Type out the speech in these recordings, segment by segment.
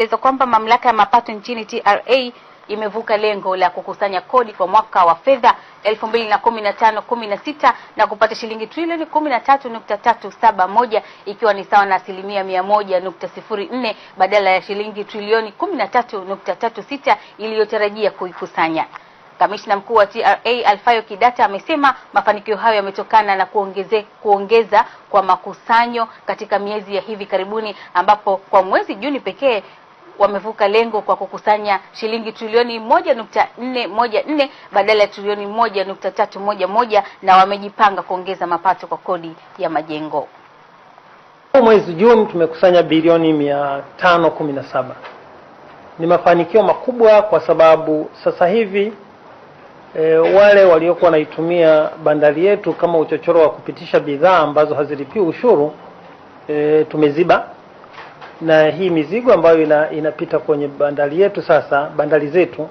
eleza kwamba mamlaka ya mapato nchini TRA imevuka lengo la kukusanya kodi kwa mwaka wa fedha 2015-16 na kupata shilingi trilioni 13.371 ikiwa ni sawa na asilimia 100.04 badala ya shilingi trilioni 13.36 iliyotarajia kuikusanya. Kamishna mkuu wa TRA Alfayo Kidata amesema mafanikio hayo yametokana na kuongeze, kuongeza kwa makusanyo katika miezi ya hivi karibuni ambapo kwa mwezi Juni pekee wamevuka lengo kwa kukusanya shilingi trilioni moja nukta nne moja nne badala ya trilioni moja nukta tatu moja moja na wamejipanga kuongeza mapato kwa kodi ya majengo. Mwezi Juni tumekusanya bilioni mia tano kumi na saba. Ni mafanikio makubwa kwa sababu sasa hivi e, wale waliokuwa wanaitumia bandari yetu kama uchochoro wa kupitisha bidhaa ambazo hazilipi ushuru e, tumeziba na hii mizigo ambayo ina, inapita kwenye bandari yetu sasa, bandari zetu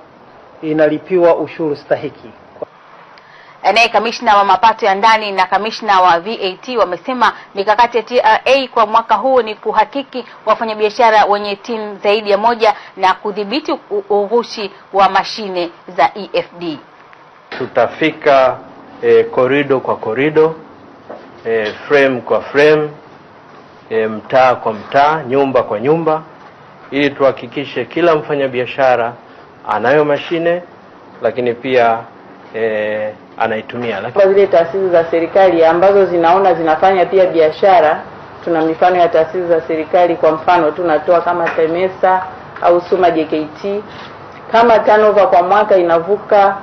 inalipiwa ushuru stahiki. Naye kamishna wa mapato ya ndani na kamishna wa VAT wamesema mikakati ya TRA kwa mwaka huu ni kuhakiki wafanyabiashara wenye timu zaidi ya moja na kudhibiti uvushi wa mashine za EFD. Tutafika eh, korido kwa korido, eh, frame kwa frame e, mtaa kwa mtaa, nyumba kwa nyumba, ili tuhakikishe kila mfanyabiashara anayo mashine lakini pia e, anaitumia. Lakini zile taasisi za serikali ambazo zinaona zinafanya pia biashara, tuna mifano ya taasisi za serikali, kwa mfano tunatoa kama TEMESA au SUMA JKT. Kama tanova kwa mwaka inavuka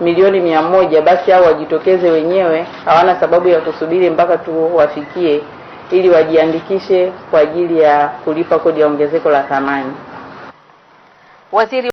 milioni mia moja, basi hao wajitokeze wenyewe, hawana sababu ya kusubiri mpaka tuwafikie ili wajiandikishe kwa ajili ya kulipa kodi ya ongezeko la thamani. Waziri